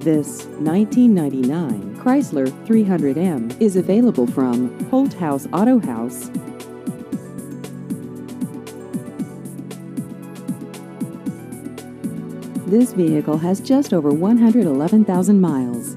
This 1999 Chrysler 300M is available from Holt House Auto House. This vehicle has just over 111,000 miles.